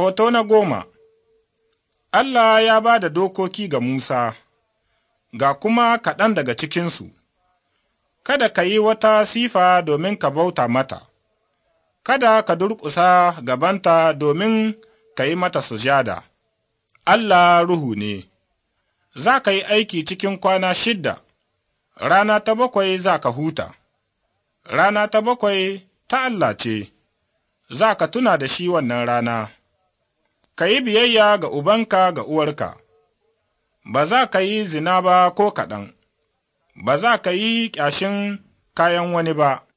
Hoto na goma Allah ya ba da dokoki ga Musa, ga kuma kaɗan daga cikinsu, kada ka yi wata sifa domin ka bauta mata, kada ka durƙusa gabanta domin ka yi mata sujada, Allah ruhu ne, za ka yi aiki cikin kwana shidda, rana ta bakwai za ka huta, rana ta bakwai ta Allah ce, za ka tuna da shi wannan rana. ka yi biyayya ga ubanka ga uwarka, ba za ka yi zina ba ko kaɗan, ba za ka yi ƙyashin kayan wani ba,